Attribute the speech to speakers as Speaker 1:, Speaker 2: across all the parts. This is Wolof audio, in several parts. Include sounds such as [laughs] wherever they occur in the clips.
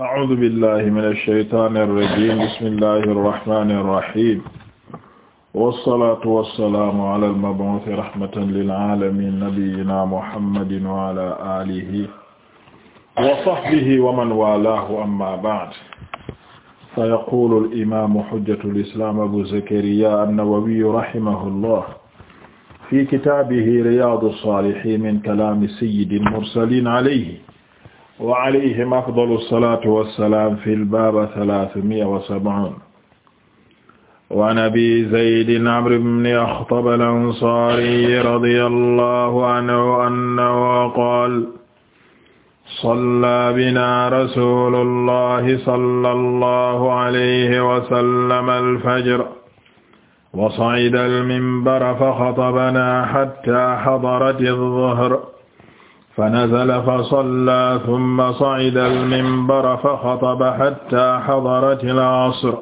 Speaker 1: أعوذ بالله من الشيطان الرجيم بسم الله الرحمن الرحيم والصلاة والسلام على المبعوث رحمة للعالمين نبينا محمد وعلى آله وصحبه ومن والاه أما بعد فيقول الإمام حجة الإسلام أبو زكريا النووي رحمه الله في كتابه رياض الصالحين من كلام سيد المرسلين عليه wa alayhim afdalu salaatu wa salaam fil baab salaasumi'a wa sab'uun wa an abi zaydin amr ibn axtab al-ansaari radiyallaahu anhu annahu qaala sallaa binaa rasuulullaahi sallallaahu alayhi wa sallam al-fajr wa sa'ida al-minbara fa xatabanaa hattaa hadarat az-zuhr فنزل فصلى ثم صعد المنبر فخطب حتى حضرت العصر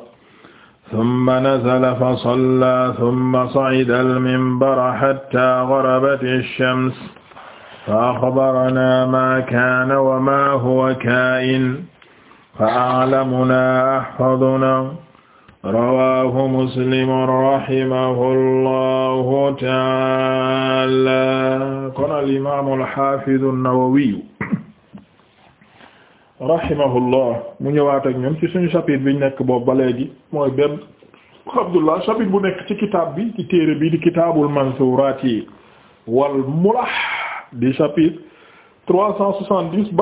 Speaker 1: ثم نزل فصلى ثم صعد المنبر حتى غربت الشمس فأخبرنا ما كان وما هو كائن فأعلمنا أحفظنا rawaahu muslim rahimahullahu taala kon al imaamu al xaafidu an-Nawawi rahimahullah mu ñëwaat ak ñun ci suñu chapitre bi nekk boobu ba léegi mooy benn Abdullah chapitre bu nekk ci kitaab bi ci téere bi di kitaabul mansuuraat yi wal mulah di chapitre trois cent soixante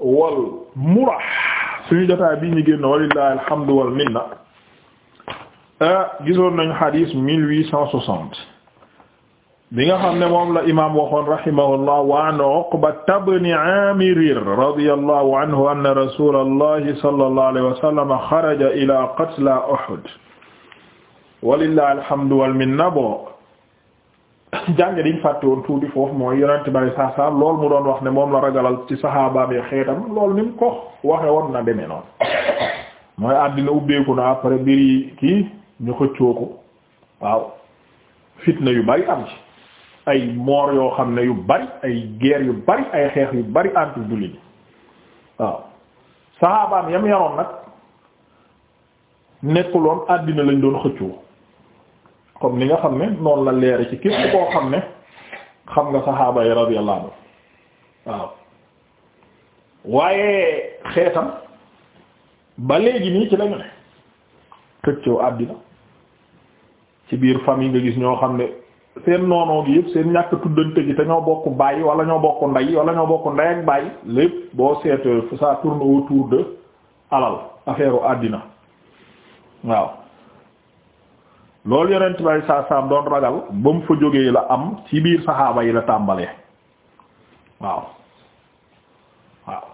Speaker 1: wal mulah suñu jotaay bi ñu génn walillahi alhamdu wal minna ah, gisoon nañu xadiis mille huit cent soixante bi nga xam ne moom la imaam waxoon rahimahullah wa an Uqbata bni Aamir radiyallahu anhu anna rasuulallahi sallallahu alayhi wa sallam xaraja ila qatla Uhud walillahi alhamdu wal minna bo [laughs] jànge diñ fàtte woon tuuti foofu mooy yonent bari saa saa lool mu doon wax ne moom la ragalal ci saxaabaam yi xeetam lool ni mu ko waxe woon na demee noonu [coughs] mooy àddina ubbeeku na après mbir yi kii ñu xëccoo ko waaw fitna yu bari am ci ay moor yoo xam ne yu bari ay guerre yu bari ay xeex yu bari entre jullit yi waaw saxaabaam yam yaroon nag nekkuloon àddina lañ doon xëccoo comme li nga xam ne noonu la leere ci képp koo xam ne xam nga saxaaba yi radiyallahu anhu waaw waaye xeetam ba léegi nii ci lañu ne xëccoo àddina ci biir famille nga gis ñoo xam ne seen noonoo gi yëpp seen ñàkk tuddante gi te ñoo bokk bàyyi wala ñoo bokk ndey wala ñoo bokk ndey ak bàyyi lépp boo seet ça tourne autour de alal affaire àddina waaw loolu yonent bay saa saam doon ragal ba mu fa jógee la am ci biir saxaaba yi la tàmbalee waaw waaw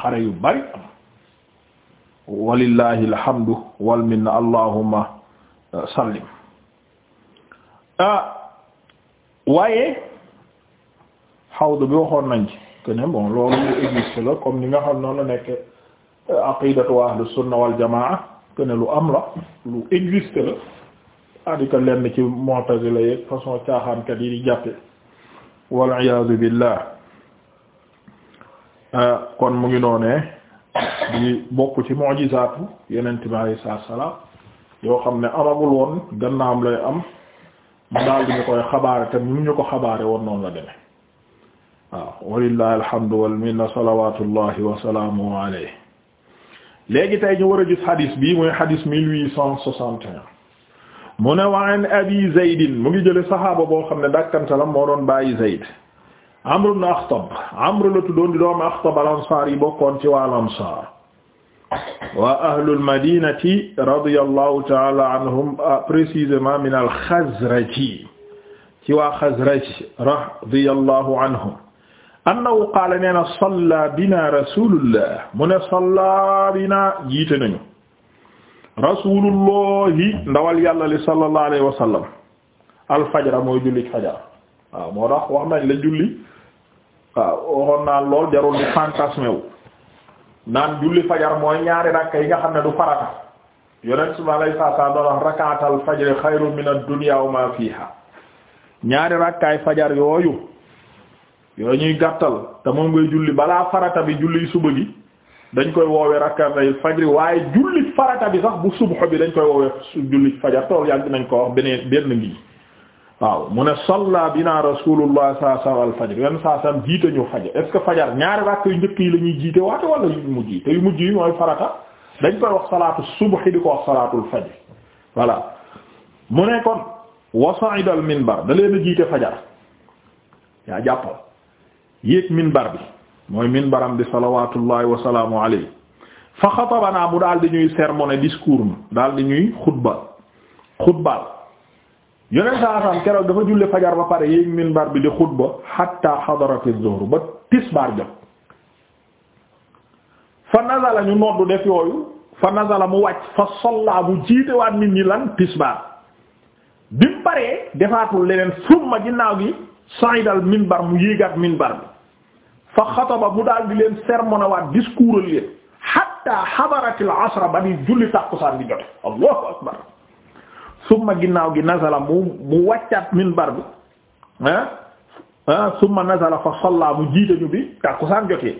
Speaker 1: xare yu bari am walillahi alhamdu wal minna allahumma uh, sallim ah waaye xawdu bi waxoon nañ ci que ne bon loolu lu existe la comme ni nga xam noonu la nekk uh, aqidatu ahlu sunna wal que ne lu am la lu existe la adi lenn ci mu'tazila yeeg façon caaxaankat yi di jàppe wal iyaazu billah euh, kon mu ngi noonee di bokk ci mu'jizaatu yonent bi alayhi salaam yoo xam ne amagul woon gannaam lay am mu daal di ñu koy xabaare te mu ñu ko xabaare woon noonu la deme waaw walillahi alhamdu wal minna salawaatullahi wa salaamuhu alayhi léegi tey ñu war a gis bi mooy xadis mille huit cent soixante et un mu ne wa abi zaydin mu ngi jële saxaaba boo xam ne dàkkantalam moo doon bàyyi zayd amr ibn axtab amr la tuddoon di doomu axtab al ansaar yi bokkoon ci waa al ansaar waa ahlul madinati radiyallahu taala anhum ah, précisément al xazraji ci waa xazraj radiyallahu anhum annahu qaala nee na salla bina rasulullah mu ne salla bina jiite nañu rasulullahi ndawal yàlla li sallallahu alayhi wa sallam alfajara mooy julli fajar waaw moo tax wax nañ mooy ñaari rakka yi nga xam ne du farata yonent su ma lay saasaa doon wax min ad-dunya fiha ñaari rakkaay fajar yooyu yooyu ñuy gàttal te moom ngay julli balaa farata bi julli suba gi dañ koy woowee rakkaatay fajri waaye julli farata bi sax bu subxo bi dañ koy woowee julli fajar tool yàgg nañ ko wax beneen benn ngi waaw mu ne salla bina rasulullah sallallahu alayhi wasallam al fajr saa sam jiite ñu fajar est ce que fajar ñaari rakk yu njëkk yi la ñuy jiite waate wala yu mujj yi te yu mujj yi mooy farata dañ koy wax salaatu subhi di ko wax salaatul fajr voilà mu ne kon wa sa'ida al minbar da leen a jiite fajar yaa jàppal yéeg minbar bi mooy minbaram bi salawatullahi wasalaamu alayhi fa xatabanaa mu daal di ñuy sermoné discours mu daal ñuy xutba xutbal yoneen saa saam keroog dafa julle fajar ba pare yéeg minbar bi di xutba hatta xadarati zuhr ba tisbaar jot fa nazala ñu noddu def yooyu fa nazala mu wàcc fa sollaa bu jiitewaat nit ñi lan tisbaar bi mu paree defaatul leneen summa ginnaaw gi saydal minbar mu yéegaat minbar bi fa xataba mu daal di leen sermonawaat discours leen hatta xabaratil asra ba ni julli tàkkusaan bi jote allahu akbar summa ginnaaw gi nazala mu mu wàccaat minbar bi ah ah summa nazala fa salla mu jiite ñu bi tàkkusaan jotee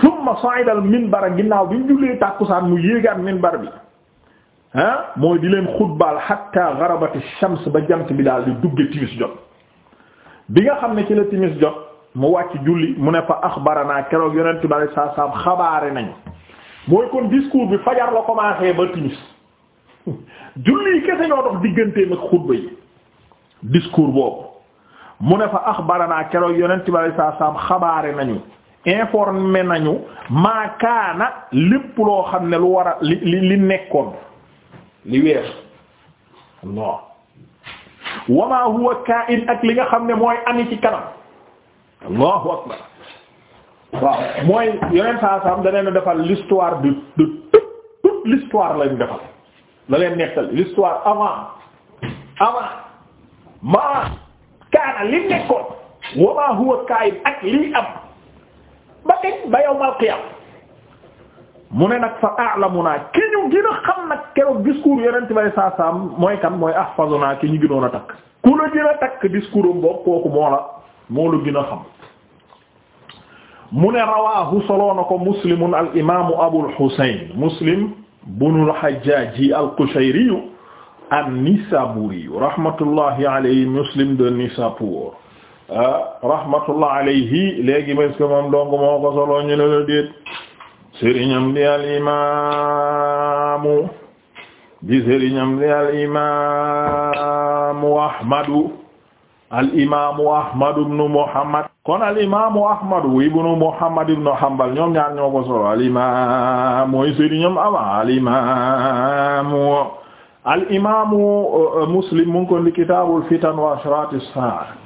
Speaker 1: summa sa'idal minbar ginnaaw bi mu jullee tàkkusaan mu yéegaat minbar bi ah mooy di leen xutbaal hatta garabati shams ba jant bi daal di dugge timis jot bi nga xam ne ci la timis jot. mu wàcc julli mu ne fa naa keroog yonent bi alayhi salaatu saam xabaare nañu mooy kon discours bi fajar la ba timis julli yi kese ñoo dox digganteem ak xutba yi discours boobu mu ne fa naa keroog yonent bi alayhi salaatu salaam xabaare nañu informé nañu maakaana lépp loo xam ne lu war a li li li nekkoon li weesu non wamaa huwa kaa'in ak li nga xam ne mooy ami ci kanam allahu akbar waaw mooy yeneen saa saam da leen defal l'histoire de de toute toute l'histoire defal la leen nekkal l'histoire avant avant ma kaana li nekkoon wa huwa kaa'in ak lii am ba teg ba yawmal qiyaam mu ne nag fa a'lamu naa ki ñu gën a xam nag keroog discours yonent bay saa saam mooy kan mooy ahfazu naa ki ñu gënoon a takk ku la gën takk discours boobu kooku moo la moo la gën a xam mu ne rawaahu soloo na ko muslimun al imaamu abul husayn muslim bunul hajjaaji al qushayriyu an nisaburiyu rahmatullahi alayhi muslim de nisapur ah, rahmatullah alayhi léegi mas que moom donc moo ko soloo ñu ne la déet sëriñam di al imaamu di sëriñam di al imaamu ahmadu al imaamu ahmadu ibnu muhammad kon al imaamu ahmadu ibnu muhammad ibnu hanbal ñoom ñaar ñoo ko solo al imaam mooy sëriñ ñoom avant al imaamu al imaamu uh, uh, muslim mu ngi ko ndi kitaabul fitan wa ashraatis saa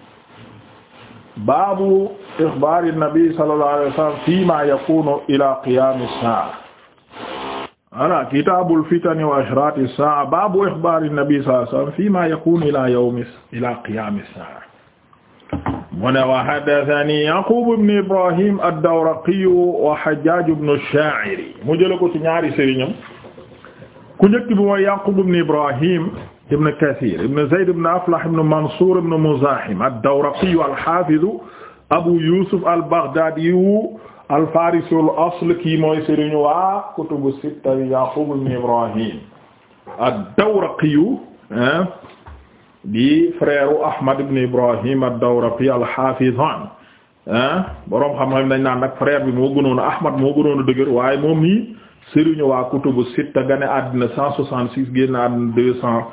Speaker 1: baabu ixbaari nabi sallallahu alayhi wa sallam fiimaa yakuunu ilaa qiyaamis saa voilà kitaabul fitani wa ashraati saa'a baabu ixbaari nabi sallallahu alayhi wa sallam fiimaa yakuunu ilaa yawmi ilaa qiyaami saa'a mu ne wa haddathanii Yaquub ibn Ibraahiim ad-Dawraqi wa Hajjaaj ibn ash-Shaa'iri mu jëlee ko ci ñaari sëriñam ku njëkk bi mooy Yaquub ibn Ibraahiim ibn Kathiir ibn Zayd ibn Aflah ibn Mansuur ibn Muzaahim ad-Dawraqi al-Haafiz Abu Yuusuf al-Baghdaadi alfarisul asl kii mooy sëriñu waa kutubu sitta Yaqub ibn Ibrahim ad-Dawraqiyu di frère Ahmad ibn Ibrahim ad-Dawraqi al-Hafizan boroom xam-xam dañ naan nag frère bi moo gënoon a Ahmad moo gënoon a dëgër waaye moom nii sëriñu waa kutubu sitta gane àddina cent àddina deux cent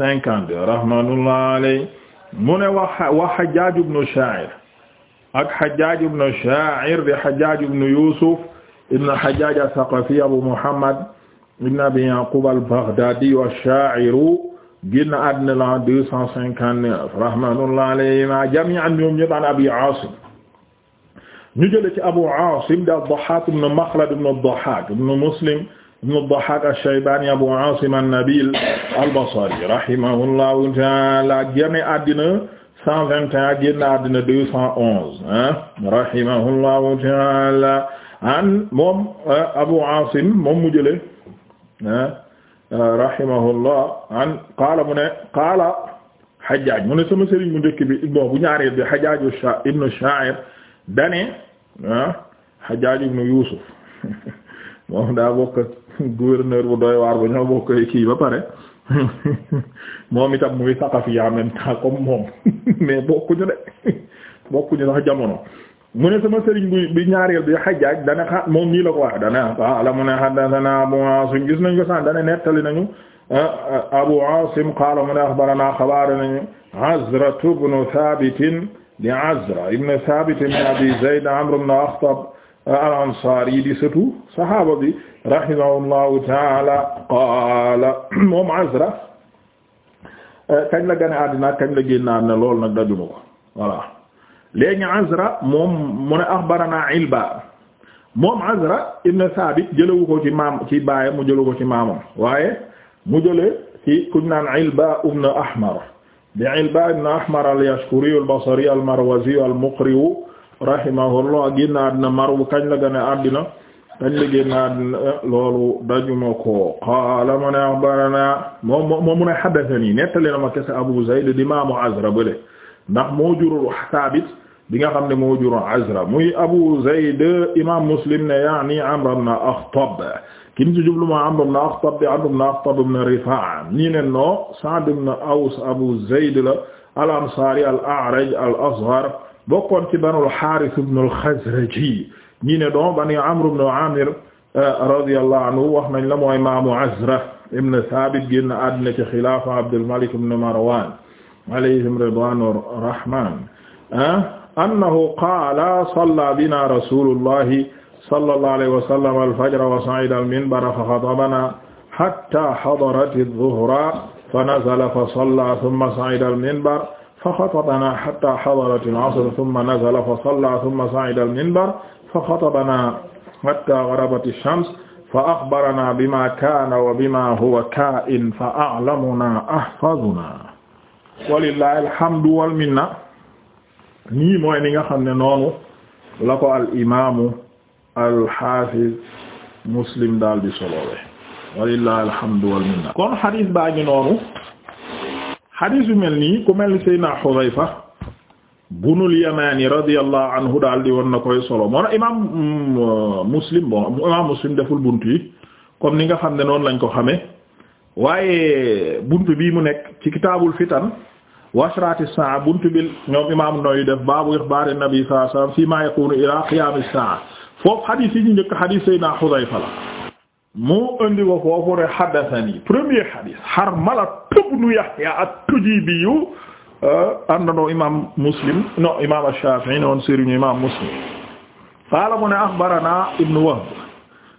Speaker 1: cinquante rahmatullah mu ne wa Hajjaj ibn Sha'ir ak Hajjaj ibn Sha'ir di Hajjaj ibn Yusuf ibn Hajjaj as-Saqafi Abu Muhammad ibn Abi Yaqub al-Baghdadi ash-Sha'ir génn àddina la deux cent cinquante-neuf rahmatullahi alayhima jami'an ñoom ñëpp an Abi Asim ñu jële ci Abu Asim di ad-Dahhak ibn Makhlad ibn ad-Dahhak ibn Muslim ibn ad-Dahhak ash-Shaybani Abu Asim an-Nabil al-Basri rahimahullahu ta'ala génn àddina cent vingt et un génn àddina deux cent onze rahimahullahu an moom euh, Abu Asim moom mu jële euh, rahimahullah an qaala mu ne qaala Hajjaaj mu ne sama sëriñ mu njëkk bi bu ñaareel bi Hajjaaj ibnu Shaa'ir dane Hajjaaj ibnu Yuusuf [laughs] moom daa bokk gouverneur bu doy waar bu ñoo bokk kii ba pare [laughs] moom itam muy Saqafi en même temps moom [laughs] mais bokkuñu de [laughs] bokkuñu sax jamono mu ne sama sëriñ bu bi ñaareel bi Hajjaaj dana xa moom nii la ko wax dana qaala mu ne haddathana Abu Asim gis nañ ko sax dana nettali nañu ah, ah, Abu Asim qaala ne akhbarana xabaar nañu Azra ibn Thabit di Azra ibn Thabit ibn Abi Zayd Amr Akhtab al-Ansaari di sëtu saxaaba bi rahimahullahu taala qaala [clears throat] moom Azra euh, kañ la gane àddina kañ la génn àddina loolu nag dajuma ko voilà léegi Azra moom mu ne axbarana moom Azra ibn Saabit jëlewu ci maam ci baayam mu jëlewu ci maamam waaye mu jële ci kuñ naan Ilba ibn Ahmar al-Yashkuri al-Basri al-Marwazi al-Muqri rahimahullah génn àddina marwu kañ la gën a àddina kañ la génn àddina loolu dajuma ko qaala mu ne axbarana moom moom mu ma kese Abu Zayd di maamu Azra bële ndax moo jur Saabit bi nga xam ne moo jur Azra muy Abu Zayd imaam Muslim ne yaani Amr ibn Akhtab kim ci jublu ma Amr ibn Akhtab di Amr ibn Akhtab ne noo Sa'd ibn Aws Abu Zayd al-Ansaari al-A'raj al-Asghar bokkoon ci banu al-Haaris ibn al-Xazraji ñi ne doom bani Amr ibn Aamir euh, radiyallahu anhu wax nañ la mooy maamu Azra ibn Thaabit génn àddina ci xilaafa Abdul Malik ibn Marwan alayhim ridwaanu rahmaan annahu qaala salla bina rasuulullahi sallallahu alayhi wa sallam al-fajra wa sa'ida al-minbara fa xatabanaa hattaa hadarat adh-dhuhra fa nazala fa salla thumma sa'ida al-minbar fa xatabanaa xattaa xadaratil asr summa nazala fa sallaa summa sa'ida al-minbar fa xatabanaa xattaa garabati shams fa axbaranaa bimaa kaana wa bimaa huwa kaa'in fa a'lamunaa ahfazunaa. walillaahi alhamdu wal minna nii mooy ni nga xam ne noonu la ko al imaamu al-haafiz muslim daal di solowe walillaahi alhamdu wal minna. kon hadiis baa ngi noonu. xadiis yu mel nii ku mel ni Seydina Xudayfa bunul yamaani radiyallahu anhu daal di woon na koy solo moo na imaam mm, Muslim bon imaam Muslim deful bunt yi comme ni nga xam ne noonu lañ ko xame waaye bunt bii mu nekk ci kitaabul fitan washrati saa bunt bi ñoom imaam Nawawi def baabu ixbaari nabi sallallahu alayhi wasallam fi ma yakunu ila qiyaami saa foofu xadiis yi ñu njëkk xadiis Seydina Xudayfa la moo indi ko foofu ne haddathani premier hadith Harmala ibn Yahya at-Tujibi àndandoo euh, imaam Muslim non imaam Ash-Shafi'i noonu sëriñu imaam Muslim qaala mu ne akhbarana ibn Wahb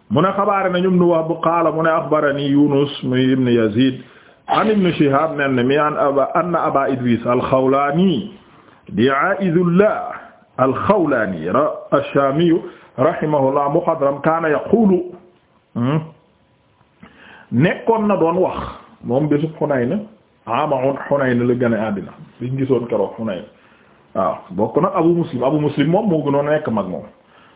Speaker 1: mu ne xabaare nañu ibn Wahb qaala mu ne akhbarani Yunus muy ibn Yazid an ibn Shihab nen mi an aba anna aba Idris al-Khawlani di A'idullah al-Khawlani ash-Shami rahimahullah mukhadram kana yaqulu Hmm? nekkoon na doon wax mom bésub Xunayna ama ah, Xunayna la gën a àddina liñ gisoon keroog Xunayna Abu Muslim Abu Muslim moom nekk mag moom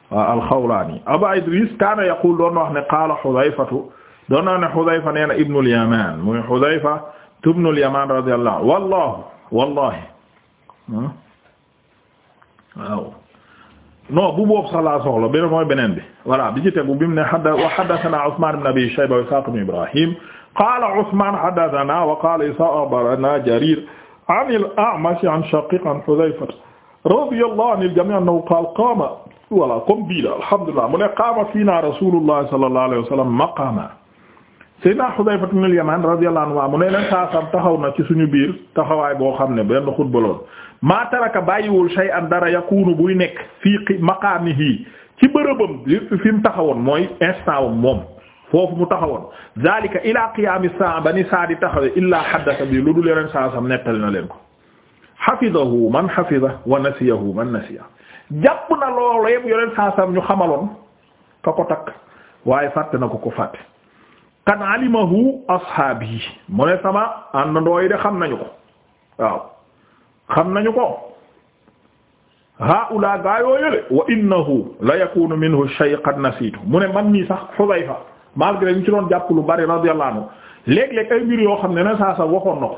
Speaker 1: waaw alxawlaani Aba Idris kaana yaqul doon wax ne qaala Xudayfatu doon naa ne Xudayfa nee na ibnul Yamaan muy Xudayfa ibnul non bu boobu sax laa soxla beneen mooy beneen bi voilà bi ci tegu bi mu ne wa haddathana Usman ibn Abi Shayba wa Ishaq ibn Ibrahim qala Usman haddathana wa qala Ishaq akhbarana Jarir an al-A'mash an Shaqiq an Hudhayfa radiyallahu anil jami' annahu qala qama voilà comme bii la alhamdulillah mu ne qama fina rasulullah sallallahu alayhi wa sallam maqama Seydina Xudayfa ibn al-Yaman radiyallahu anhu mu ne taxaw na ci suñu biir taxawaay boo xam ne benn xutba lool maa taraka bàyyiwul shay'an dara yakunu buy nekk fii maqaamihi ci bërëbam fi mu taxawoon mooy instant am moom foofu mu taxawoon zalika ila qiyaami saa ba ni saa di taxawee illaa haddasa bi lu dul yeneen saa sam nettali na leen ko. hafidahu man hafidahu wa nasiyahu man nasiya jàpp na loolu yëpp yeneen saa sam ñu xamaloon ka ko takk waaye na ko ko fàtte. qad alimahu ashaabi mu ne sama àndandoo yi de xam nañu ko waaw xam nañu ko haula gaa yoo yële wa la yakunu minhu shay qad nasiitu mu ne man nii sax Xudayfa malgré ñu ci doon jàpp lu bari radiyallahu anhu léeg-léeg ay mbir yoo xam ne na saa sa waxoon na ko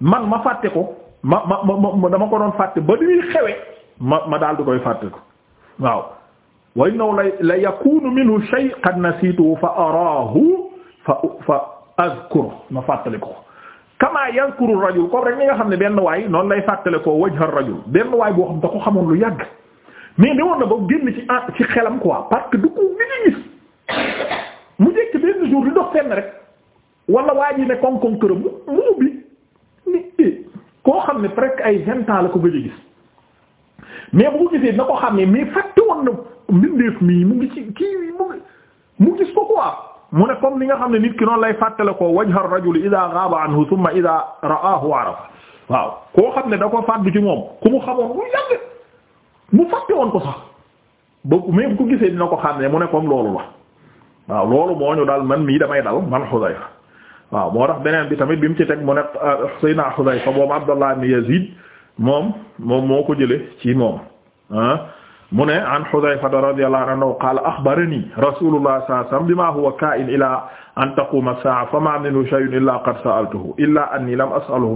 Speaker 1: man ma fàtte ko ma ma ma dama ko doon fàtte ba li xewe ma ma daal di koy fàtte ko waaw wa innahu la yakunu minhu shay qad nasiitu fa araahu fa fa azkuru ma fàttali ko kamaa yazkuru rajul comme rek ni nga xam ne benn waay noonu lay fàttale ko wajha rajul benn waay boo xam da ko xamoon lu yàgg mais newoon na ba génn ci ah, ci xelam quoi parce que du ko gën a gis mu jekk benn jour di dox fenn rek wala waa ji ne koŋ-koŋ mu mu ubbi nit eh, koo xam ne presque ay vingt la ko gëj a gis mais bu ko gisee ko xam ne mais fàtte woon na mbindeef mii mu ngi ci gis ko quoi. mu ne comme li nga xam ne nit ki noonu lay fàttale ko wajha ar-rajuli idha ghaba anhu thumma idha ra'ahu arafa waaw koo xam ne da ko fàddu ci moom ku mu xamoon lu yàgg mu fàtte woon ko sax ba mais bu ko gisee dina ko xam ne mu ne loolu la waaw loolu moo dal man mii damay dal man Xudayfa waaw moo tax beneen bi tamit bi mu ci teg mu ne euh, Seydina Xudayfa moom Abdallah bi Yazid moom moom moo ko jële ci moom ah mu ne an Hudhayfata radiyallahu anhu qaala axbarani rasulullah sallallahu alayhi wasallam bima huwa kaa'in ilaa an taquuma as-saa'a famaa minhu shay'un illaa qad sa'altuhu illaa annii lam as'alhu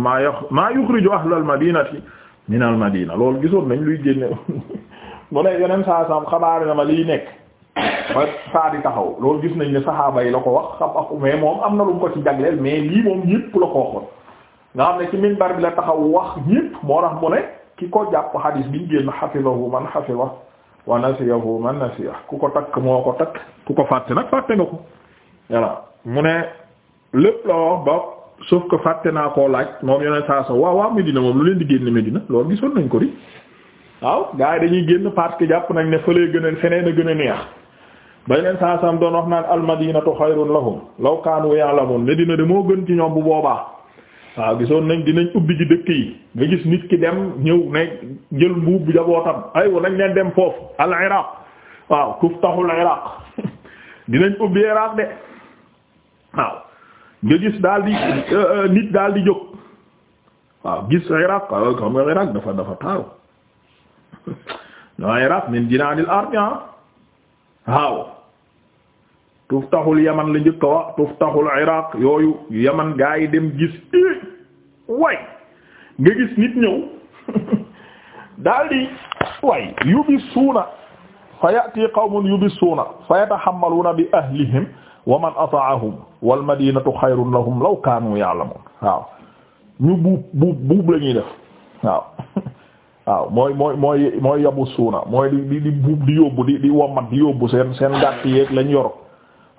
Speaker 1: maa yukhriju ahla al-madiinati min al-madiina loolu gisoon nañ luy génne [laughs] mu ne yeneen saa saam xabaar na ma liy nekk ba saa di taxaw loolu gis nañ ne saxaaba yi la ko wax xam ak mais moom am na lu mu ko ci jagleel mais lii moom ñépp la ko waxoon nga xam ne ci minbar bi la taxaw wax ñépp moo tax mu ne ki ko jàpp xadiis bi ñu génn hafizahu man hafizahu wa nasiyahu man nasiya ku ko takk moo ko takk ku ko fàtte nag fàtte nga ko voilà mu ne lépp la wax ba sauf que fàtte naa koo laaj moom yoneen saa sa waaw waaw Medina moom lu leen di génn Medina loolu gisoon nañ ko di waaw gars yi dañuy génn parce que jàpp nañ ne fëlee gën a gën a neex ba yeneen saa sam doon wax naan al madinatu xayrun lahum law kaanu ya'lamun Medina de moo gën ci ñoom bu boobaa waaw gisoon nañ dinañ ubbi ji dëkk yi nga gis nit ki dem ñëw ne jël mbuub jabootam aywa nañ leen dem foofu al iraq waaw tuftaxul iraq [laughs] dinañ ubbi iraq de waaw nga gis daal di euh, nit daal di jóg waaw gis iraq xam nga iraq dafa dafa taaru [laughs] non iraq min dinaanil ardi ah, waaw tuftaxul yaman la njëkka wax tuftaxul iraq yooyu yaman gaa yi dem gis i eh, way nga gis nit ñëw [laughs] daldi way yubisuuna fa ya'ti qawmun yubisuuna fa yatahammaluuna bi ahlihim wa man ata'ahum wal madinatu xayrun lahum law kaanu ya'lamuun waaw ñu buub buub buub la def waaw [laughs] waaw mooy mooy mooy mooy yabu suuna mooy di di di buub di yóbbu di di wommat di yóbbu seen gàtt yeeg lañ yor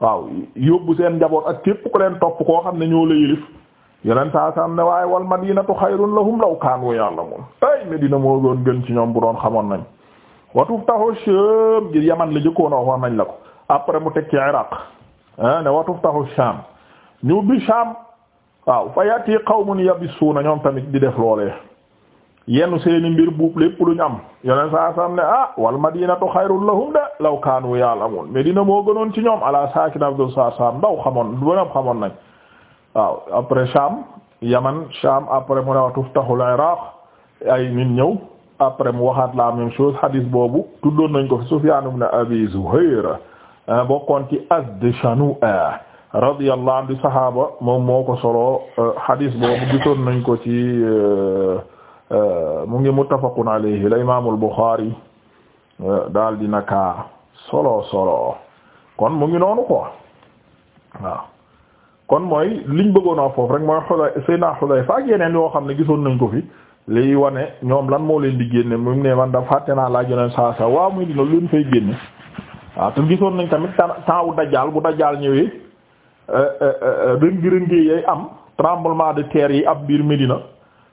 Speaker 1: waaw yóbbu seen njaboot ak képp ku leen topp koo xam ne ñoo la yilif yeneen saa saa am ne waaye wal madinatu xayrun lahum law kaanu ya'lamun ay Medina moo doon gën ci ñoom bu doon xamoon nañ watuf taxu Sham gi Yaman la jëkkoon a wax nañ la ko après mu teg ci Iraq ne watuf taxu Sham ñu bi Sham waaw fa yati qawmun na ñoom tamit di def loolee yenn seeni mbir buub lépp lu ñu am yeneen saa saam ne ah wal madinatu xayrul de law kaanu ya'lamun medina moo gënoon ci ñoom ala sakin abdul saa saam ndaw xamoon bonam xamoon nañ waaw après Sham Yaman Sham après mu ne wa tuftahul Iraq ay nit ñëw après mu waxaat la même chose hadis boobu tuddoon nañ ko fi Sufyan ibn Abi Zuhayr ah, bokkoon ci Azd Shanu'a radiyallahu anhu sahaaba moom moo ko solo hadis ah, boobu gisoon nañ ko ci eh, mu ngi muttafaqun alayhi la imaamul Bukhari eh, daal di naka solo solo kon mu ngi noonu quoi waaw kon mooy liñ bëggoon a foofu rek mooy xudday Seydina Xudayfa yoo xam ne gisoon nañ ko fi liy wane ñoom lan moo leen di génne mu ne man da fàtte naa laaj yeneen saa saa waaw muy dina lu leen fay génne waaw te gisoon nañ tamit taawu dajaal bu dajaal ñëwee rëngi eh, eh, rëngi yay am tremblement de terre yi ab biir Medina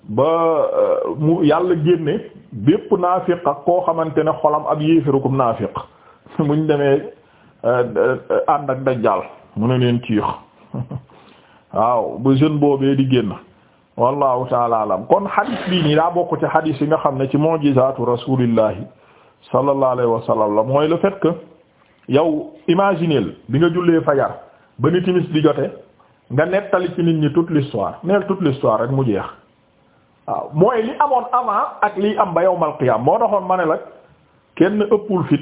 Speaker 1: ba euh, mu yàlla génne bépp naafiq ak koo xamante ne xolam ab yéefirukum naafiq [laughs] muñ demee euh, euh, ànd ak dajjaal mu ne leen ciix [laughs] waaw ba jeune boobee di génn wallahu taala alam kon hadith bii nii daa bokk ci hadith yi nga xam ne ci mu'jizatu rasulillahi sallallahu alayhi wa sallam la mooy le fait que yow imagineel bi nga jullee fajar ba ni timis di jote nga nettali ci nit ñi toute l'histoire neel toute l'histoire rek mu jeex waaw mooy li amoon avant ak liy am ba yawmal qiyaam moo taxoon ma ne la kenn ëppul fit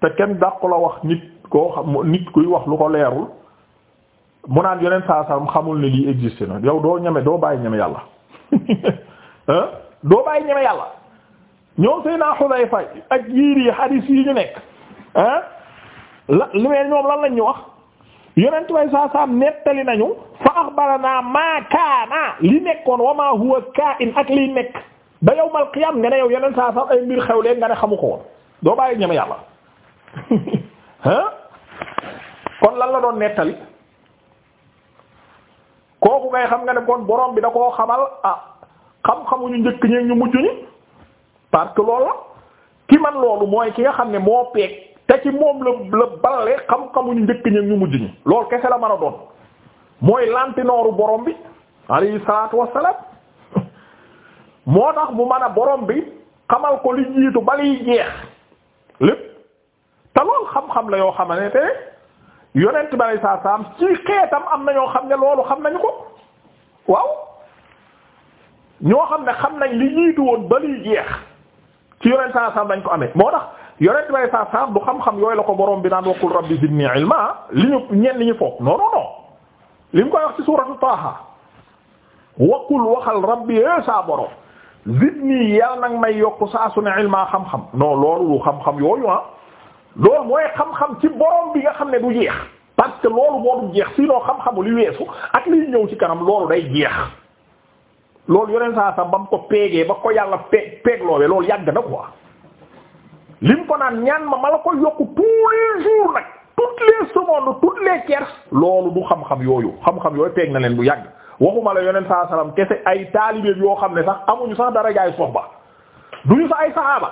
Speaker 1: te kenn dàqu wax nit koo xam nit kuy wax lu ko leerul mu naan yeneen saa saa xamul ne lii existé na yow doo ñeme doo bàyyi ñeme yàlla [laughs] doo bàyyi ñeme yàlla ñoom Seydina Xudayfa ak yiir yi xadiis yi ñu nekk ah la li ñoom lan lañ wax yeneen tubaab saa nettali nañu. fa axbarana maa kaana li nekkoon wa maa huwa kaa'in ak liy nekk ba yawmal qiyaam nga ne yow yeneen saa sax ay mbir xew leen nga ne xamu ko woon doo bàyyi ñeme yàlla ah [laughs] kon lan la doon nettali kooku ngay xam nga ne kon borom bi da koo xamal ah xam-xamu njëkk ñeeg ñu mujj ñi parce que loolu la ki man loolu mooy ki nga xam ne moo peeg te ci moom la la balale xam-xamu ñu njëkk ñeen ñu mujj ñi loolu kese la mën a doon. mooy lantinooru borom bi alayhi salaatu wassalaam moo tax mu mën a borom bi xamal ko li jiitu baliy jeex lépp te lool xam-xam la yoo xamane te yonent bi alayhi salaatu wassalaam ci am na ñoo xam ne loolu xam nañu ko waaw ñoo xam ne xam nañ li jiitu woon baliy jeex ci yonent saa dañ ko amee moo tax yonent bay saa saam du xam-xam yooyu la ko borom bi daan waqul rabbi zidni ilma li ñu ñenn ñi foog non non li mu koy wax ci suuratu Taaha waqul waxal rabbi eh, saa borom zidni yàlla nag may yokk saa su ne ilma xam-xam non loolu xam-xam yooyu ah loolu mooy xam-xam ci borom bi nga xam ne du jeex parce que loolu moo du jeex sinon xam-xamu li weesu ak liy ñëw ci kanam loolu day jeex. loolu yeneen saa sax ba mu ko peegee ba ko yàlla peeg peegloowe loolu yàgg na quoi lim ko naan ñaan ma ma la ko yokk tous les jours toutes les secondes toutes les tierces loolu du xam-xam yooyu xam-xam yooyu peeg na leen bu yàgg waxuma la yoneen saa salaam kese ay taalibe yoo xam ne sax amuñu sax dara jaay soxba du ñu sax ay saxaaba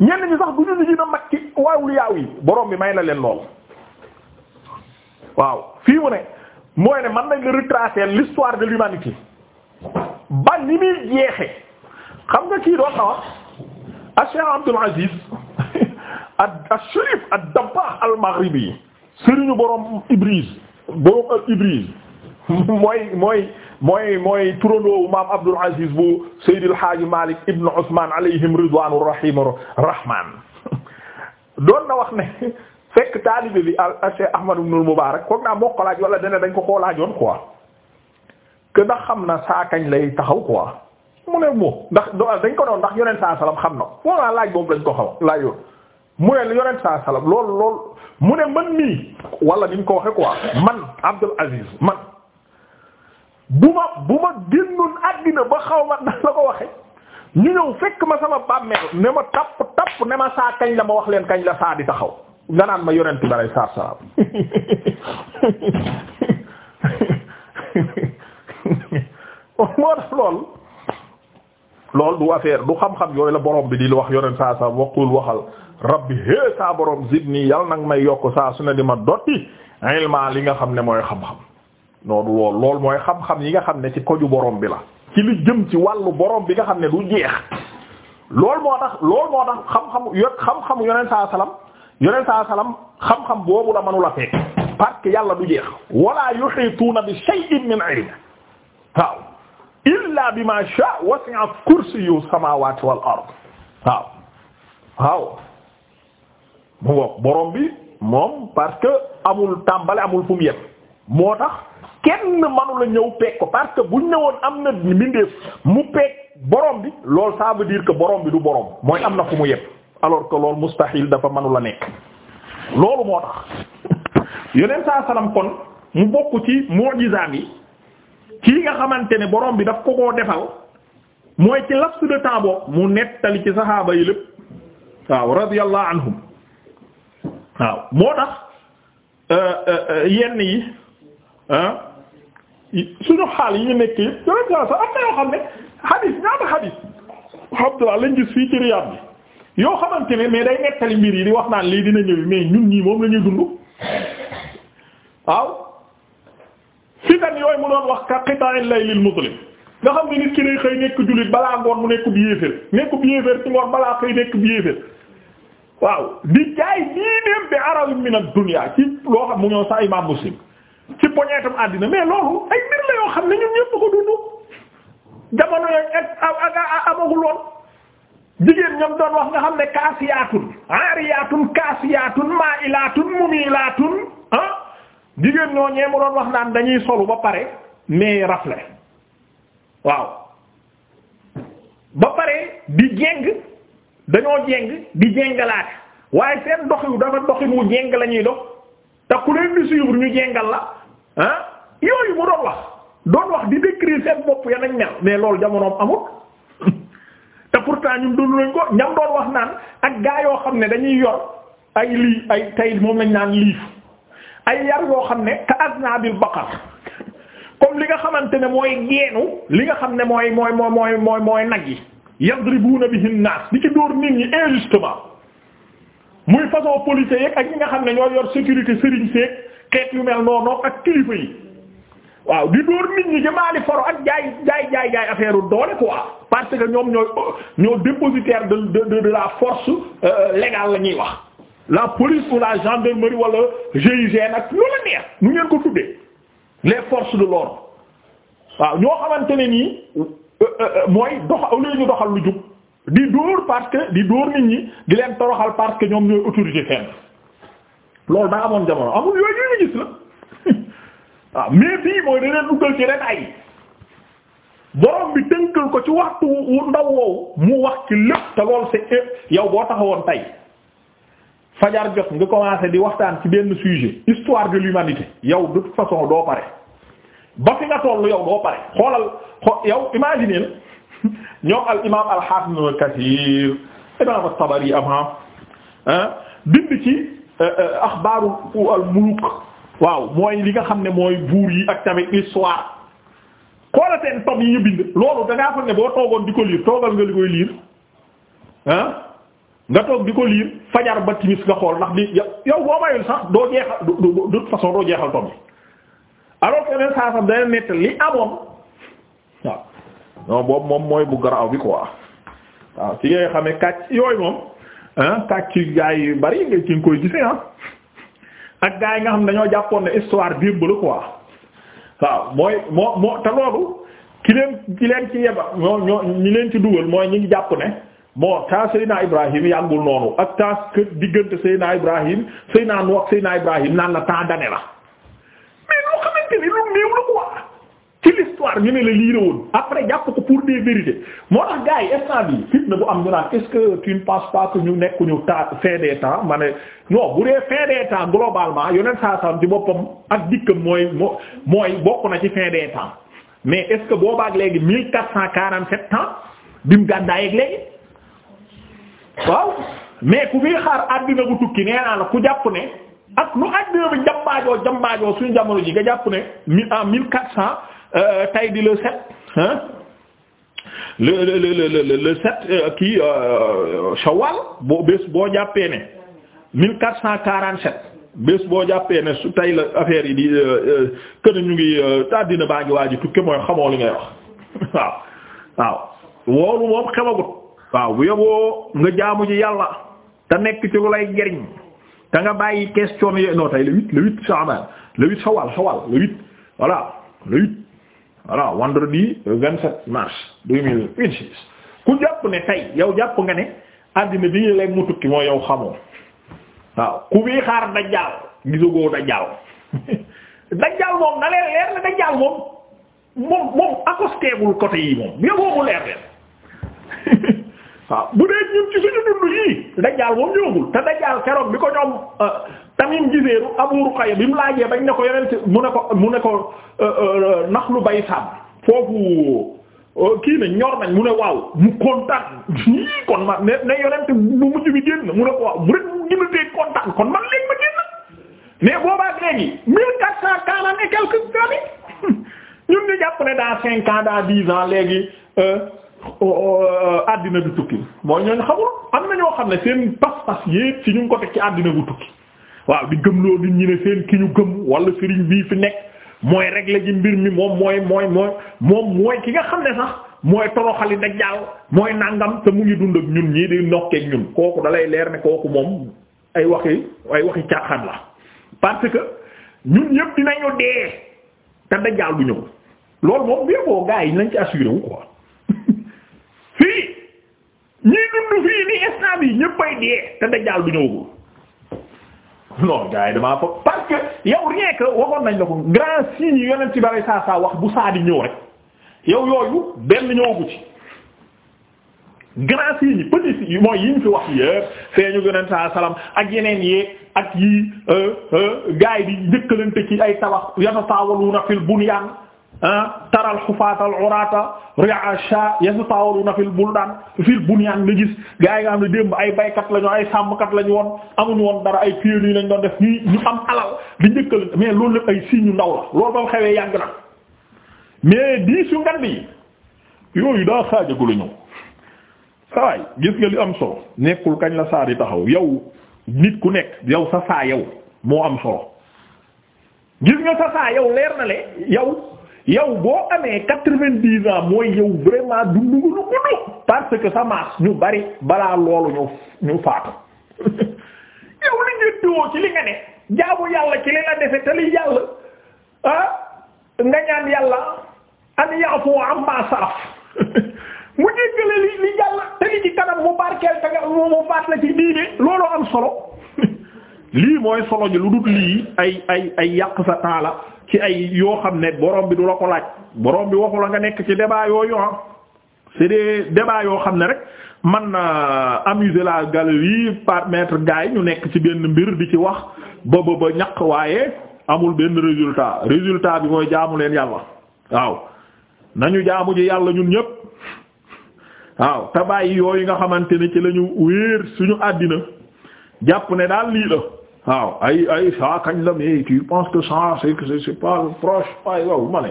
Speaker 1: ñenn ñi sax du ñu ñu na mag ci waaw lu yaaw yi borom bi may na leen lool waaw fii mu ne mooy ne mën nañ la retracer l'histoire de l'humanité ba ni muy jeexe xam nga kii doon na wax Cheikh Abdul Aziz ak ak ak Dabbaax al-Maghribi sëriñu borom Ibris borom al Ibris [laughs] mooy mooy mooy mooy turandoowu maam Abdul Aziz bu Seydil Haaji Malik ibn Usman alayhim ridwaanu rahim rahman [laughs] doon na wax ne fekk taalibe bi Cheikh Ahmad ibn al-Mubarak foog naa moo laaj wala dana dañ ko koo laajoon quoi que ndax xam na saa kañ lay taxaw quoi mu ne moo ndax dañ ko doon ndax yoneen saa salaam xam na wala laaj boobu lañ ko xaw laajoon mu ne yonent saa salaam lool lool mu ne man nii wala ni mu ko waxee quoi man Abdul Aziz man bu ma bu ma génnoon àddina ba xaw ma nan la ko waxee ñu ñëw fekk ma sama bàmmeel ne ma tapp tapp ne ma saa kañ la ma wax leen kañ la saa di taxaw nga naan ma yonent bi alayhi salaam [laughs] moo tax lool lool du affaire du xam-xam yooyu la borom bi di wax yonent saa saa waqul waxal. rabbi hee saa borom zidni yal nag may yokk saa su ne di ma dotti ilma li nga xam ne mooy xam-xam noonu lool lool mooy xam-xam yi nga xam ne ci koju borom bi la ci li jëm ci wàllu borom bi nga xam ne du jeex loolu moo tax loolu moo tax xam yo xam-xamu yoneen saa salaam yoneen saa salaam xam-xam boobu la mënula la parce que yàlla du jeex wala yuhituuna bi shay'in min ilmihi waaw illa bima sha'a wasi'a kursiyyu samawati wal ard waaw waaw mu ngoog bi moom parce que amul tàmbale amul fu mu yem moo tax kenn manu la ñëw peeg ko parce que buñ ñëwoon am na mbindeef mu peeg borom bi loolu ça diir dire que borom bi du borom mooy am na fu mu yem alors que loolu mustahil dafa manu la nekk loolu moo tax yeneen saa salaam kon mu bokk ci mu'jizaam yi kii nga xamante ne borom bi daf ko koo defal mooy ci laps de temps boobu mu nettali ci saxaaba yi lépp waaw radiyallahu anhum waaw moo tax euh, euh, euh, yenn yi suñu xaal yi ñu nekk yëpp yooyu saa sa am na yoo xam ne xadiis ñaata xadiis Abdullah lañ gis fii ci Riyad bi yoo xamante ne mais day nettali mbir yi di wax naan lii dina ñëw mais ñun ñii moom la ñuy dund waaw fitan yooyu mu doon wax ka qita'il laylil muslim nga xam ne nit ki day xëy nekk jullit balaa ngoon mu nekk bi yéeféer nekk bi yéeféer ci ngoon balaa xëy nekk bi yéeféer waaw di jaay diineem bi arawin min ad-dunya ci loo xam mu ñëw sa imam muslim ci poñeetam àddina mais loolu ay mbir la yoo xam ne ñun ñëpp ko dundu jamono yooyu ak ak amagul woon jigéen ñoom doon wax nga xam ne kaasiyaatun aariyaatun kaasiyaatun maa'ilaatun mumiilaatun ah jigéen ñoo mu doon wax naan dañuy solu ba pare mais rafle waaw ba pare di jeng dañoo jéng di jéngalaat waaye seen dox yu dafa doxin wu jéng lañuy ñuy dox te ku di suivre ñu jéngal la ah yooyu mu doon wax doon wax di décrire seen bopp ya nañ mel mais loolu jamonoom amul [laughs] te pourtant ñun dund nañ ko ñam doon wax naan ak gaa yoo xam ne dañuy yor ay lii ay tay moom lañ naan liif ay yar yoo xam ne ka aznabil baqar comme li nga xamante ne mooy geenu li nga xam ne mooy mooy mooy mooy mooy mooy nag yi yadribuuna bihi an-naas di ci dóor nit ñi injustement muy façon policier yeeg ak ñi nga xam ne ñoo yor sécurité sëriñ seeg xeet yu mel noonu ak kilifa yi waaw di dóor nit ñi jëmaali foro ak jaay jaay jaay jaay affaire doole quoi parce que ñoom ñooy ñoo dépositaire de de de la force euh, légale la ñuy wax la police ou la gendarmerie wala GIGN ak lu la neex nu ngeen ko tuddee les forces de l'ordre waaw ñoo xamante nii Euh, euh, euh, mooy doxa au lieu ñu doxal lu jub di dóor parce que di dóor nit ñi di leen toroxal parce que ñoom ñooy autorité fenn loolu daa amoon jamono amul yooyu ñu gis la waaw [laughs] ah, mais bii mooy da leen duggal ci ren ay borom bi tënkal ko ci waxtu wu ndaw woowu mu wax ki lépp te lool c'est yow boo taxawoon tey fajar jot nga commencé di waxtaan ci benn sujet histoire de l'humanité yow de façon doo pare ba fi nga tollu yow doo pare xoolal. xo yow imagine [laughs] ñoom al imaam al hafiz ibn kathir imaam at-tabari avant bind ci euh, euh, axbaaru al muluk waaw mooy li nga xam ne mooy buur yi ak tamit histoire xoola seen tom yi ñu bind loolu dangaa foog ne boo toogoon di ko liir toogal nga li koy liir ah nga toog di ko liir fajar ba timis nga xool ndax di yow boo mayul sax doo jeexal de toute façon doo jeexal tom yi alors que saa sax dana nett li amoon waaw non boobu moom mooy bu garaaw bi quoi waaw ci ngay xamee kàcc yooyu moom ah kàcc gaay yu bari nga ci nga koy gisee ah ak gaay nga xam ne dañoo jàppoon ne histoire démb la quoi waaw mooy moo moo te loolu ki leen ki leen ci yeba ñoo ñoo ñi leen ci dugal mooy ñi ngi jàpp ne moo ta Seydina Ibrahim yàggul noonu ak ta kër diggante Seydina Ibrahim Seydina Nuux ak Seydina Ibrahim naan la temps d'année la mais loo xamante ni lu néew la quoi ci l'histoire ñu ne la lii la woon après jàpp ko pour des vérités moo tax gars yi instant bi fitna bu am ñu naan est-ce que tu ne penses pas ñu nekk ta fin des temps ma ne bu dee fin des temps globalement yoneen saa sam ci boppam ak dikkam mooy mooy bokk na ci fin des temps mais est-ce que léegi mille quatre cent quarante-sept ans bi gàddaay ak léegi waaw mais ku fi xaar àddina bu tukki nee la ku jàpp ne ak nu àddina bi jambaajoo jambaajoo ji nga en mille quatre cent Euh, tey di le sept hein le le le le le euh, kii euh, Shawwal boo bés boo jàppee ne mille quatre cent quarante-sept bés boo jàppee ne su tey la affaire yi di kën ñu ngi àddina baa ngi waaj tukke mooy xamoo li ngay wax [laughs] waaw waaw loolu moom xewagut waaw bu yoboo nga jaamu ci yàlla te nekk ci lu lay jariñ te nga bàyyi question yooyu non tey le huit le huit Sha'ban le huit Shawwal Shawwal le huit voilà vendredi vingt-sept mars deux mille vingt ku jàpp ne tey yow jàpp nga ne àddina bi ñu leen mu tukki mooy yow xamoo waaw ku bii xaar dajjaal gisagoo dajjaal [laughs] dajjaal moom na leen leer na dajjaal moom moom moom accosteebul côté yi moom yoboo mu leer leen [laughs] waaw bu dee ñun ci suñu dund yi dajjaal moom ñëwagul te dajjaal keroog bi ko ñoom euh, tamim giseeru Abu Ruqayya bi mu laajee bañ ne ko yonent mu ne ko mu ne ko lu bay sàmm foofu euh, kii na ñor nañ mu ne waaw mu kontaan kon ne ne yonent bu mujj bi génn mu ne ko waaw mu rek mu gën a dee kontaan kon man léegi ma génn mais boobaa léegi mille quatre cent quarante et quelques années [laughs] ñun ñu jàpp ne daa cinq ans daa dix ans léegi àddina euh, euh, du tukki mooy ñooñ xamul am na ñoo xam ne seen pas-pas yépp ci ñu ko teg ci àddina bu tukki waaw di gëmloo nit ñi ne seen ki ñu gëm wala sëriñ bii fi nekk mooy régler ji mbir mi moom mooy mooy mooy moom mooy ki nga xam ne sax mooy toroxali dajjaal mooy nàngam te mu ngi dund ak ñun ñii di nokkeeg ñun kooku dalay leer ne kooku moom ay waxi ay waxi caaxaan la parce que ñun ñëpp dinañu dee te dajjaal bu ñëw loolu moom bie boo gars yi nañ ci assuré wu quoi [laughs] fii ñii dund fii ni instant bi ñëpp ay dee te dajjaal bu ñëwul [laughs] non gars yi damaa parce que yow rien que nañ la ko grand signe yi yonent ci bare saa saa wax bu saa di ñëw rek yow yooyu benn ñëwagu ci grand signe yi petit mooy yi ñu fi wax yépp feeñu yonent saa salaam ak yeneen yee ak euh, euh, yi gars bi di njëkkalante ci ay tabax yatafaawaluuna fil bunyaan Ah, taral xufaatal uraata ri'asha yatatawaruna fil buldaan fil bunyaan nga gis gaa yi nga xam ne démb ay baykat lañu ay sàmmkat lañu woon amuñu woon dara ay pionniers lañu doon def ñi ñu am alal di njëkkal mais loolu lépp ay signes yu ndaw la loolu ba mu xewee yàgg na mais diis yu bi yooyu daa xaajagul a ñëw sawaay gis nga li am solo nekkul kañ la saa di taxaw yow nit ku nekk yow sa saa yow moo am solo gis nga sa saa yow leer na yow. yow boo amee quatre-vingt-dix mooy yow vraiment dundu lu gudd parce que sa maas ñu bari balaa loolu ñu ñu faatu [laughs] yow li nga diwoo ci li nga ne jaamu yàlla ci li la defe te li yàlla ah nga ñaan yàlla an yaafu amma saraf [laughs] mu jéggale li li yàlla te li ci kanam mu barkeel te nga mu faat la ci diine loolu am solo [laughs] lii mooy solo ji lu dul lii ay ay yàq sa taala ci ay yoo xam ne borom bi du la ko laaj boroom bi waxu la nga nekk ci débat yooyu ah c'est des débats yoo xam ne rek man na amuser la galerie permettre gars yi ñu nekk ci benn mbir di ci wax ba ba ba ñaq waaye amul benn résultat résultat bi mooy jaamu leen yàlla waaw nañu jaamu ji yàlla ñun ñépp waaw tabaay yooyu nga xamante ni ci lañu wéer suñu àddina jàpp ne daal lii la. waaw ay ay saa kañ la mais tu penses que ça c'est que c'est pas proche waaye ma ne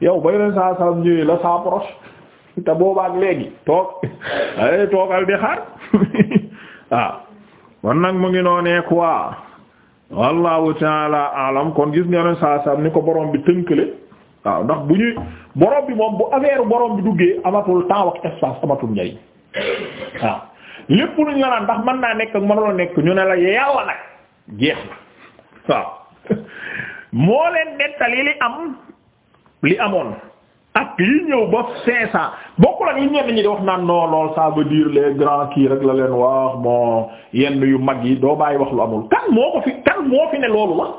Speaker 1: yow ba yeneen saa saa ñëwee la saa proche te boobaak léegi toog ay toogal di xaar waaw [laughs] ah, kon nag mu ngi noonee quoi wallahu taala alam kon gis nga yeneen saa saa ni ko borom bi tënkale waaw ndax bu ñuy borom bi moom bu affaire borom bi duggee amatul temps ak espace amatul njariñ waaw ah, lépp lu ñu la ndax mën naa nekk ak mënula nekk ñu ne la yàlla nag. jeex na waaw moo leen nettali li am li amoon ak li ñëw ba cinq cent bokkul ak li ñenn ñi di wax naan non lool ça veut dire les grands kii rek la leen wax bon yenn yu mag yi doo bàyyi wax lu amul kan moo ko fi kan moo fi ne loolu wax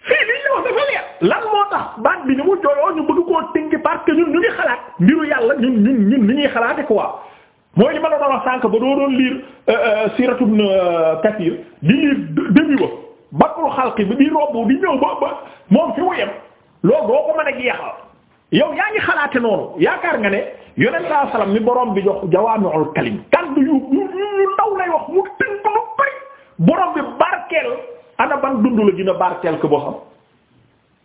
Speaker 1: fii li ñu dafa leer lan moo tax baat bi ni mu jooyoo ñu bëgg koo tënk parce que ñun ñu ngi xalaat mbiru yàlla ñun ñun ñun ni ñuy xalaate quoi mooy li ma la doon wax sànk ba doo doon liir euh, euh, siratu ibn Kathir di liir début ba batul xalqi bi di robbu di ñëw ba ba moom fi mu yem loolu doo ko mën a jeexal yow yaa ngi xalaate noonu yaakaar nga ne yonent saa salaam mi borom bi jox jawaami'ul kalim kàddu yu yu ndaw lay wax mu tënk lu bari borom bi barkeel ana ban dund la dina barkeel ko boo xam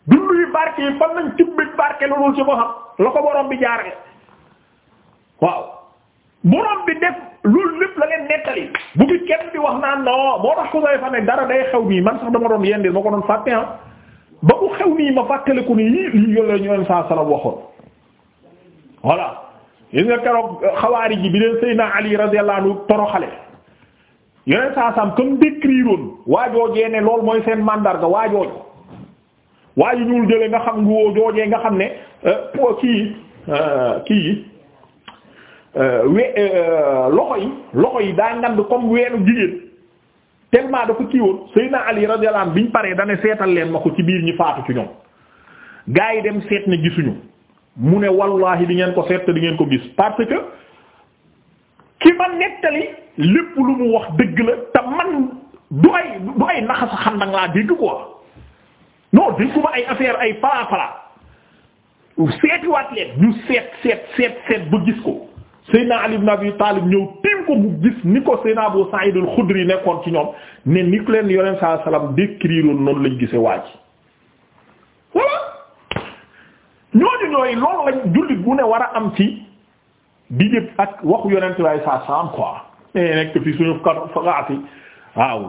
Speaker 1: dund yi barkeel fan lañ tibbit barkeel loolu ci boo xam la ko borom bi jaaree waaw. borom bi def loolu lépp la leen nettali bu fi kenn di wax naan non moo tax ku fa ne dara day xew nii man sax dama doon yendil ma ko doon fàtte ah ba mu xew nii ma fàttaliku ni lii yooyu la ñu leen saa sala waxoon voilà gis nga keroog euh, xawaari ji bi leen saam comme décrire woon waajoojee ne loolu mooy seen mandarga waajooj waaye ñuul jële nga xam nguwoo joojee nga xam ne euh, kii euh, kii Euh, we euh, loxo yi loxo yi daa ngand comme weenu jigéen tellement dafa kiiwoon Seydina Ali radiyallahu bi ñu paree dane seetal leen ma ko ci biir ñi faatu ci ñoom gaa yi dem seet ne gisuñu mu ne wallahi di ngeen ko seet te di ngeen ko gis parce que ki ma nettali lépp lu mu wax dëgg la te man du ay du ay naxasa xandang laa dégg quoi non dégguma ay affaire ay fala fala seetiwaat leen ñu seet seet seet seet ba gis ko Seydina Ali ibn Abi Talib ñëw tiim ko mu gis ni ko Seydina Abu Sa'id al-Khudri nekkoon ci ñoom ne ni ku leen yoneen saa salaam noonu lañ gise waa ñooñu ñooy loolu lañ jullit bu ne war a am ci digg ak waxu yonent waaye saa salaam quoi. mais eh, nekk fi suñu kàddu waaw.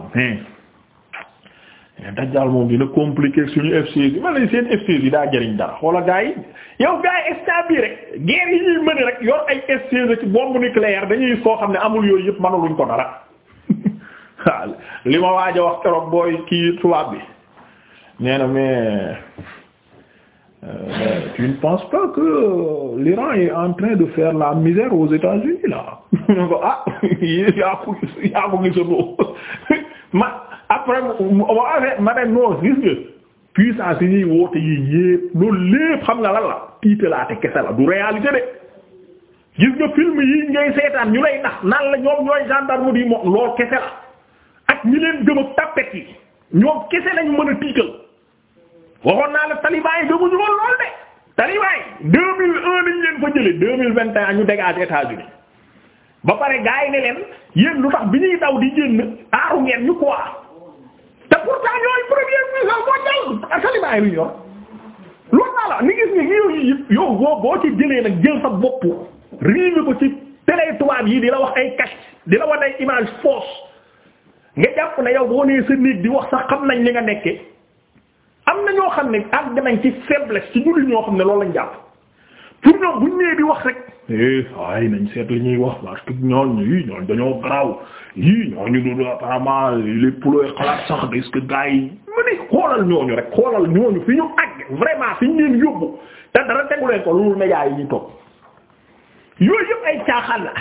Speaker 1: dajjaal moom dina compliqué suñu F16 ma ne seen F16 yi daa jëriñ dara xoola gaa yi yow gaa yi instant rek guerre yi ñuy mën rek yor ay F16 ci bombe nucléaire dañuy koo xam ne amul yooyu yëpp mënaluñ ko dara [laughs] waaw li ma waaj a wax keroog booy kii tubaab bi nee na euh, mais tu ne penses pas que l'Iran est en train de faire la misère aux États-Unis là [laughs] ah, [laughs] ma. après ma ne non gis nga puissance yi ñuy woote yi yépp loolu lépp xam nga lan la tiitalaate kese la du réalité de gis nga film yi ngay seetaan ñu lay nax naan la ñoom ñooy gendarme yi moom lool kese la ak ñi leen gëm ak yi ñoom kese lañu mën a tiital waxoon naa la taliban yi gëmuñu woon lool de taliban deux mille un lañ leen fa jële deux mille vingt et un ñu dégage États-Unis ba pare gaay ne leen yéen lu tax bi ñuy daw di génn aaru ngeen ñu quoi te pourtant ñooy premier puissance mondiale ak ah, taliban yi ñor loolu naa la ni gis ni yow yii yow boo boo ci jëlee nag jël sa bopp riiwe ko ci télé tubaab yi di la wax ay cash di la wan ay image nga jàpp ne yow boo nee sa nit di wax sax xam nañ li nga nekke am na ñoo xam ne àgg nañ ci faiblesse ci jullit ñoo xam ne lool lañ jàpp pour ñoom buñ nee di wax rek. eh ay nañ seet li ñuy wax parce que ñooñu ñooñu dañoo garaaw yii ñooñu doon apparemment lépp looy xalaat sax est-ce que mu ni xoolal ñooñu rek xoolal ñooñu fi ñu àgg vraiment fi ñu leen yóbbu te dara tegu leen ko loolu ñu toog yooyu yëpp ay caaxaan la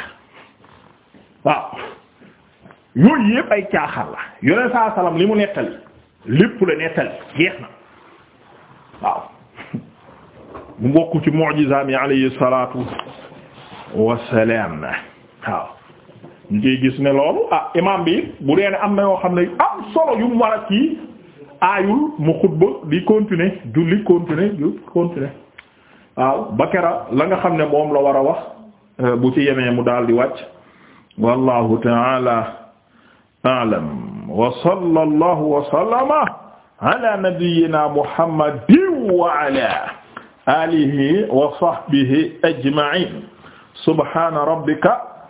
Speaker 1: waaw yooyu saa salaam li mu nettali lépp la nettali jeex na waaw mu bokk ci mu'jizaam yi alayhi salaatu wassalaam waaw ñu gis ne loolu ah imam bi bu am na xam ne am solo yu mu war a ci aayul mu xutba di continuer julli continuer ju continuer waaw ba kera la nga xam ne moom la war a wax euh, bu ci yemee mu daal di wàcc wallahu ta'ala a'lam wa sallallahu wa ala nabiyyina muhammadin wa ala alihi wa sahbihi ajma'in subhana rabbika